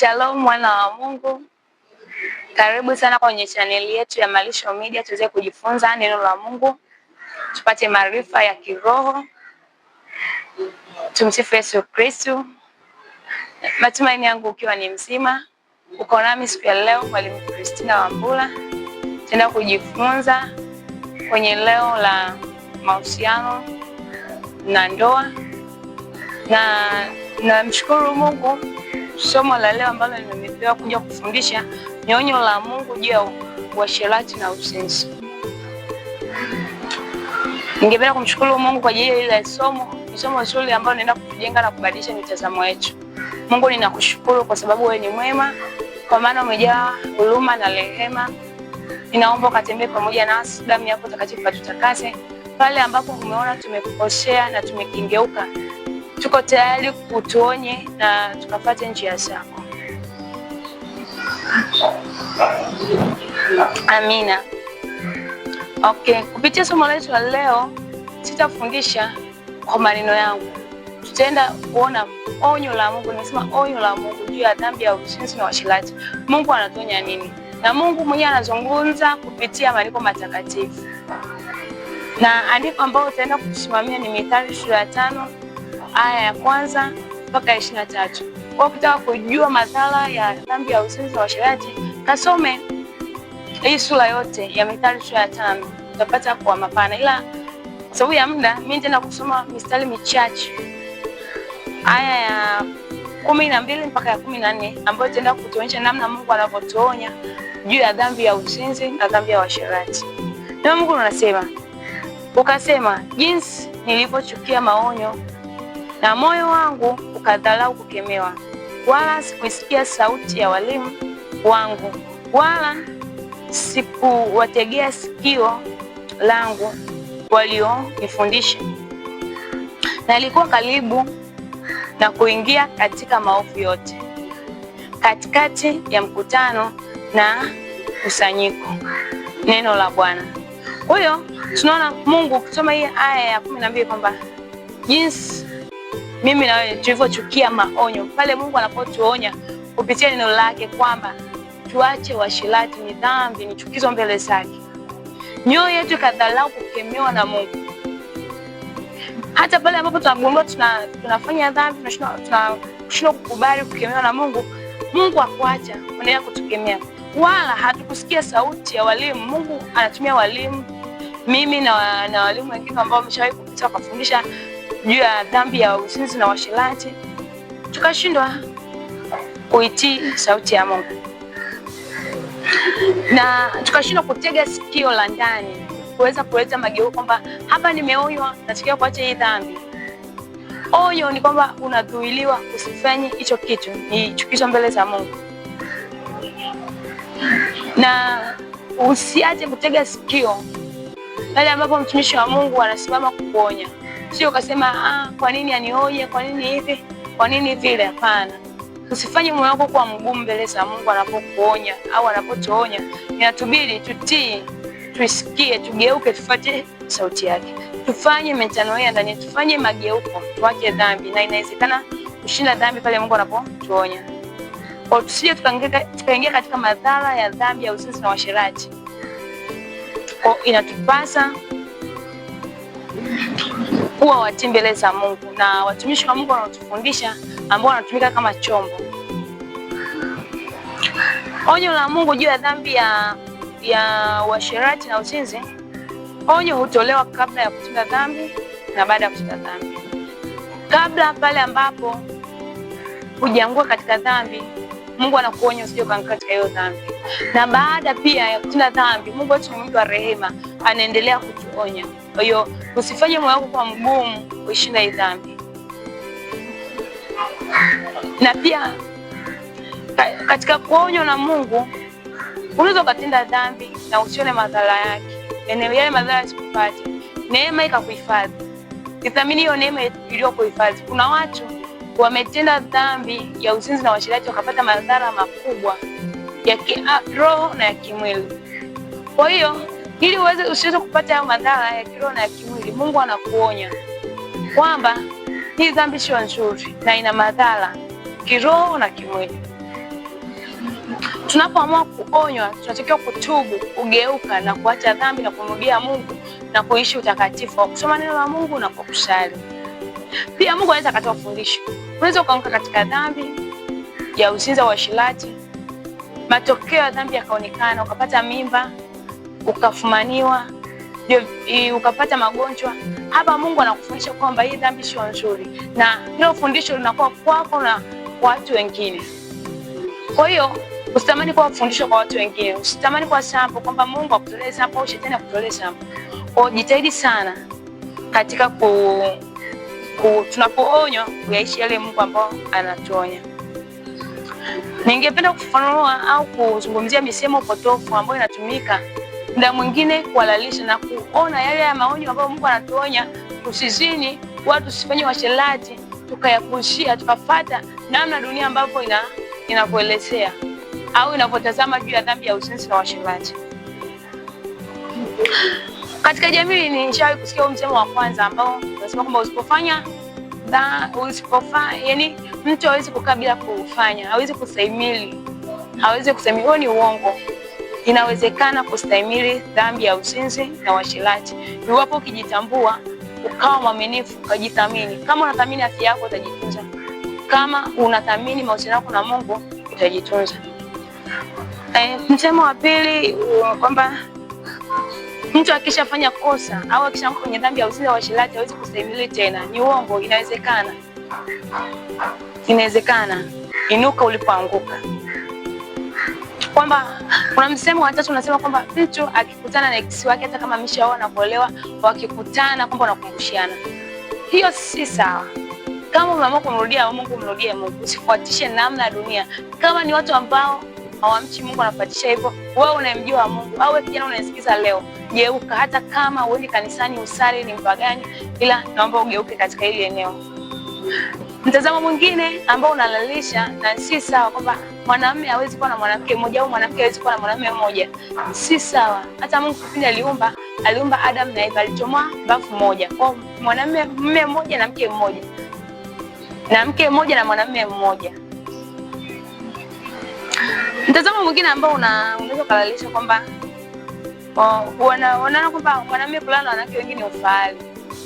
Shalom mwana wa Mungu, karibu sana kwenye chaneli yetu ya Malisho Media tuweze kujifunza neno la Mungu, tupate maarifa ya kiroho. Tumsifu Yesu Kristu. Matumaini yangu ukiwa ni mzima, uko nami siku ya leo, mwalimu Kristina Wambula. Tenda kujifunza kwenye leo la mahusiano na ndoa, na namshukuru Mungu somo la leo ambalo nimepewa kuja kufundisha ni onyo la Mungu juu ya uasherati na uzinzi. Ningependa kumshukuru Mungu kwa ajili ya somo. Ni somo zuri ambalo naenda kujenga na kubadilisha mitazamo yetu. Mungu, ninakushukuru kwa sababu wewe ni mwema, kwa maana umejaa huruma na rehema. Ninaomba ukatembee pamoja nasi, damu yako takatifu atutakase pale ambapo umeona tumekukosea na tumekingeuka tuko tayari kutuonye na tukapate njia zako. Amina. Okay, kupitia somo letu la leo sitafundisha kwa maneno yangu, tutaenda kuona onyo la Mungu. nasema onyo la Mungu juu ya dhambi ya uzinzi na uasherati. Mungu anatuonya nini? Na Mungu mwenyewe anazungumza kupitia maandiko matakatifu, na andiko ambao utaenda kusimamia ni Mithali sura ya tano aya ya kwanza mpaka ishirini na tatu. Kwa ukitaka kujua madhara ya dhambi ya uzinzi na uasherati, kasome hii sura yote ya Mithali sura ya tano, utapata kwa mapana, ila sababu ya muda mimi nitaenda kusoma mistari michache aya ya kumi na mbili mpaka ya kumi na nne ambayo itaenda kutuonyesha namna Mungu anavyotuonya juu ya dhambi ya uzinzi na dhambi ya uasherati. Na Mungu anasema ukasema, jinsi nilivyochukia maonyo na moyo wangu ukadharau kukemewa, wala sikuisikia sauti ya walimu wangu, wala sikuwategea sikio langu walionifundisha. Nalikuwa karibu na kuingia katika maovu yote, katikati ya mkutano na kusanyiko. Neno la Bwana. Kwa hiyo tunaona Mungu, ukisoma hii aya ya kumi na mbili kwamba jinsi mimi na wewe tulivyochukia maonyo pale Mungu anapotuonya kupitia neno lake kwamba tuache washirati ni dhambi, ni chukizo mbele zake. Mioyo yetu ikadhalau kukemewa na Mungu hata pale ambapo tunagundua tuna, tunafanya dhambi tunashindwa kukubali kukemewa na Mungu. Mungu akuacha, unaendelea kutukemea. Wala hatukusikia sauti ya walimu. Mungu anatumia walimu, mimi na, na walimu wengine ambao wameshawahi kupita kufundisha juu ya dhambi ya uzinzi na washirati tukashindwa kuitii sauti ya Mungu na tukashindwa kutega sikio la ndani kuweza kuleta mageuko, kwamba hapa nimeonywa natakiwa kuacha hii dhambi. Onyo ni kwamba unadhuiliwa usifanye hicho kitu, ni chukizo mbele za Mungu, na usiache kutega sikio pale ambapo mtumishi wa Mungu anasimama kukuonya sio ukasema ah, kwa nini anioje, kwa nini hivi, kwa nini vile. Hapana, usifanye moyo wako kuwa mgumu mbele za Mungu anapokuonya au anapotuonya. Inatubidi tutii, tuisikie, tugeuke, tufuate sauti yake, tufanye mentano ndani, tufanye mageuko, tuache dhambi, na inawezekana kushinda dhambi pale Mungu anapotuonya, kwa tusije tukaingia katika madhara ya dhambi ya uzinzi na uasherati. Kwa inatupasa kuwa watii mbele za Mungu na watumishi wa Mungu wanaotufundisha ambao wanatumika kama chombo. Onyo la Mungu juu ya dhambi ya ya uasherati na uzinzi. Onyo hutolewa kabla ya kutenda dhambi na baada ya kutenda dhambi. Kabla pale ambapo hujaanguka katika dhambi, Mungu anakuonya usije ukaanguka katika hiyo dhambi, na baada pia ya kutenda dhambi, Mungu wetu ni wa rehema, anaendelea kuponya. Kwa hiyo usifanye moyo wako kwa mgumu uishi na dhambi, na pia katika kuonywa na Mungu unaweza ukatenda dhambi na usione madhara yake, eneo yaani, yale madhara yasikupate, neema ikakuhifadhi. Ithamini hiyo neema iliyokuhifadhi. Kuna watu wametenda dhambi ya uzinzi na uasherati wakapata madhara makubwa ya kiroho ah, na ya kimwili, kwa hiyo ili uweze usiweze kupata hayo madhara ya kiroho na ya kimwili. Mungu anakuonya kwamba hii dhambi sio nzuri na ina madhara kiroho na kimwili. Tunapoamua kuonywa, tunatakiwa kutubu, kugeuka na kuacha dhambi na kumrudia Mungu na kuishi utakatifu kwa kusoma neno la Mungu na kwa kusali. Pia Mungu anaweza akatoa fundisho. Unaweza ukaanguka katika dhambi ya uzinzi wa uasherati, matokeo ya dhambi yakaonekana, ukapata mimba ukafumaniwa ukapata magonjwa. Hapa Mungu anakufundisha kwamba hii dhambi sio nzuri, na hilo fundisho linakuwa kwako na watu wengine. Kwa hiyo usitamani kuwa fundisho kwa watu wengine, usitamani kwa sampo kwamba Mungu akutolee sampo au shetani akutolee sampo. Kwa jitahidi sana katika ku, ku tunapoonywa kuyaishi yale Mungu ambao anatuonya. Ningependa kufafanua au kuzungumzia misemo potofu ambayo inatumika muda mwingine kuhalalisha na kuona yale ya maonyo ambayo Mungu anatuonya tusizini, watu tusifanye washerati, tukayapushia tukafata namna dunia ambapo ina inavyoelezea au inavyotazama juu ya dhambi ya uzinzi na washerati. Katika jamii ni nishawahi kusikia msemo wa kwanza ambao unasema kwamba usipofanya usipofanya, yani mtu hawezi kukaa bila kufanya, hawezi kusaimili, hawezi kusaimili. Huo ni uongo. Inawezekana kustahimili dhambi ya uzinzi na uasherati iwapo ukijitambua, ukawa mwaminifu, ukajithamini. Kama unathamini afya yako utajitunza, kama unathamini mahusiano yako na Mungu utajitunza. E, eh, msemo wa pili kwamba mtu akishafanya kosa au akishaanguka kwenye dhambi ya uzinzi na uasherati hawezi kustahimili tena, ni uongo. Inawezekana, inawezekana. Inuka ulipoanguka, kwamba kuna msemo wa tatu unasema kwamba mtu akikutana na ex wake hata kama ameshaoa na kuolewa, wakikutana kwamba wanakumbushiana. Hiyo si sawa. Kama umeamua kumrudia Mungu, mrudie Mungu, usifuatishe namna ya dunia. Kama ni watu ambao hawamchi Mungu anafuatisha hivyo, wewe unayemjua Mungu au wewe kijana unayesikiza leo, geuka. Hata kama uende kanisani, usali, ni mpagani, ila naomba ugeuke katika hili eneo. Mtazamo mwingine ambao unalalisha na si sawa, kwamba mwanamume hawezi kuwa na mwanamke mmoja au mwanamke hawezi kuwa na mwanamume mmoja, si sawa. Hata Mungu kipindi aliumba, aliumba Adam na Eva, alichomoa mbavu moja, kwa mwanamume mume mmoja na mke mmoja, na mke mmoja na mwanamume mmoja. Mtazamo mwingine ambao unaweza kulalisha kwamba wanaona kwamba mwanamume kulala na wanawake wengine ufahari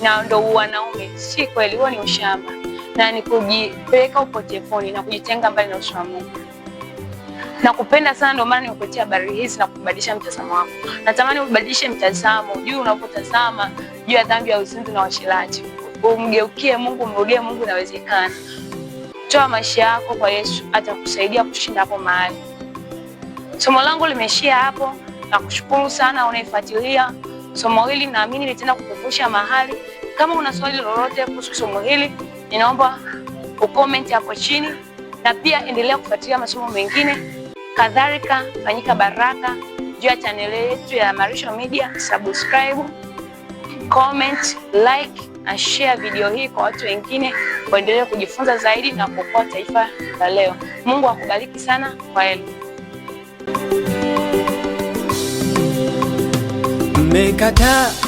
na ndo wanaume. Si kweli, huo ni ushamba na ni kujipeleka upotefoni na kujitenga mbali na uso wa Mungu. Nakupenda sana, ndio maana nimekuletea habari hizi na kubadilisha mtazamo wako. Natamani ubadilishe mtazamo, juu unapotazama juu ya dhambi ya uzinzi na uasherati, umgeukie Mungu, umrudie Mungu, inawezekana. Toa maisha yako kwa Yesu, atakusaidia kushinda hapo mahali. Somo langu limeishia hapo. Nakushukuru sana unaifuatilia somo hili, naamini litaenda kukuvusha mahali. Kama una swali lolote kuhusu somo hili ninaomba ucomment hapo chini, na pia endelea kufuatilia masomo mengine. Kadhalika fanyika baraka juu ya chaneli yetu ya Marisho Media, subscribe, comment, like na share video hii kwa watu wengine waendelee kujifunza zaidi na kuokoa taifa la leo. Mungu akubariki sana kwa hilo. Mmekataa